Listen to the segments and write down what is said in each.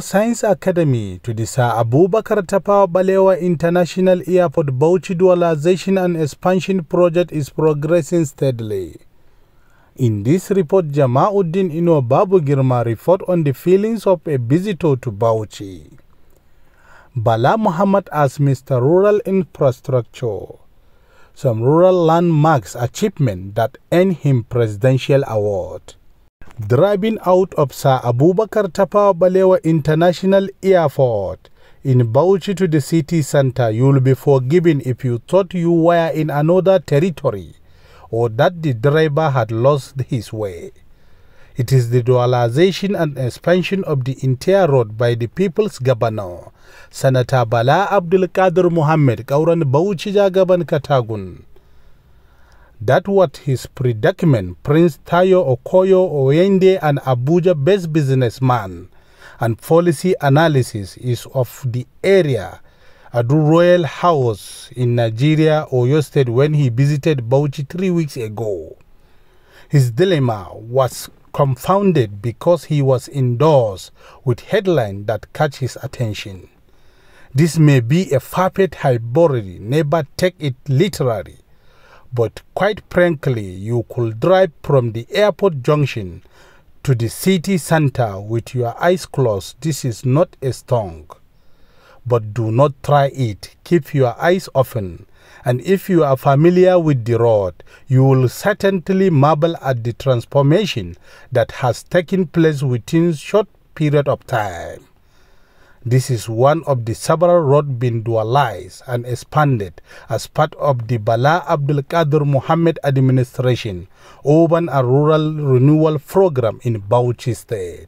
Science Academy to the Sir Abubakar Tafawa Balewa International Airport Bauchi Dualization and Expansion Project is progressing steadily. In this report, Jamauddin Ino Babu Girma report on the feelings of a visitor to Bauchi. Bala Muhammad as Mr. Rural Infrastructure. Some rural landmarks achievement that earned him Presidential Award driving out of Sir Abubakar Tafawa Balewa International Airport in Bauchi to the city center, you'll be forgiven if you thought you were in another territory or that the driver had lost his way. It is the dualization and expansion of the entire road by the people's governor, Senator Bala Abdul Qadir Muhammad, Kauran Bauchi Jagaban Katagun that what his predicament Prince Tayo Okoyo Oyende, an Abuja-based businessman and policy analysis is of the area at the Royal House in Nigeria, Oyo State, when he visited Bauchi three weeks ago. His dilemma was confounded because he was indoors with headline that catch his attention. This may be a far-fetched hyperbole, never take it literally. But quite frankly, you could drive from the airport junction to the city center with your eyes closed. This is not a stunt, But do not try it. Keep your eyes open. And if you are familiar with the road, you will certainly marvel at the transformation that has taken place within short period of time. This is one of the several roads being dualized and expanded as part of the Bala Abdul Qadir Muhammad administration urban and rural renewal program in Bauchi state.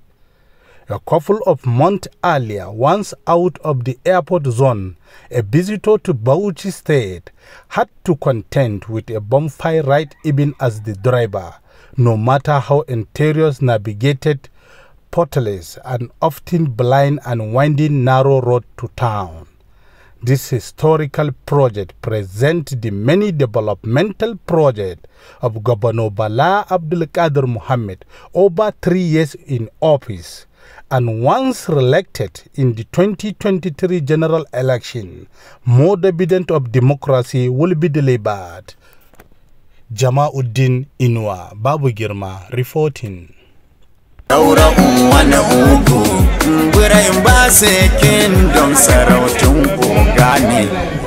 A couple of months earlier, once out of the airport zone, a visitor to Bauchi State had to contend with a bonfire right even as the driver, no matter how interiors navigated portless and often blind and winding narrow road to town. This historical project presents the many developmental projects of Governor Bala Abdul Qadir Muhammad over three years in office and once elected in the 2023 general election, more dividend of democracy will be delivered. Jamauddin Inwa, Babu Girma, reporting. daura wani ugu birai ba sai kingdom sarautun koga ne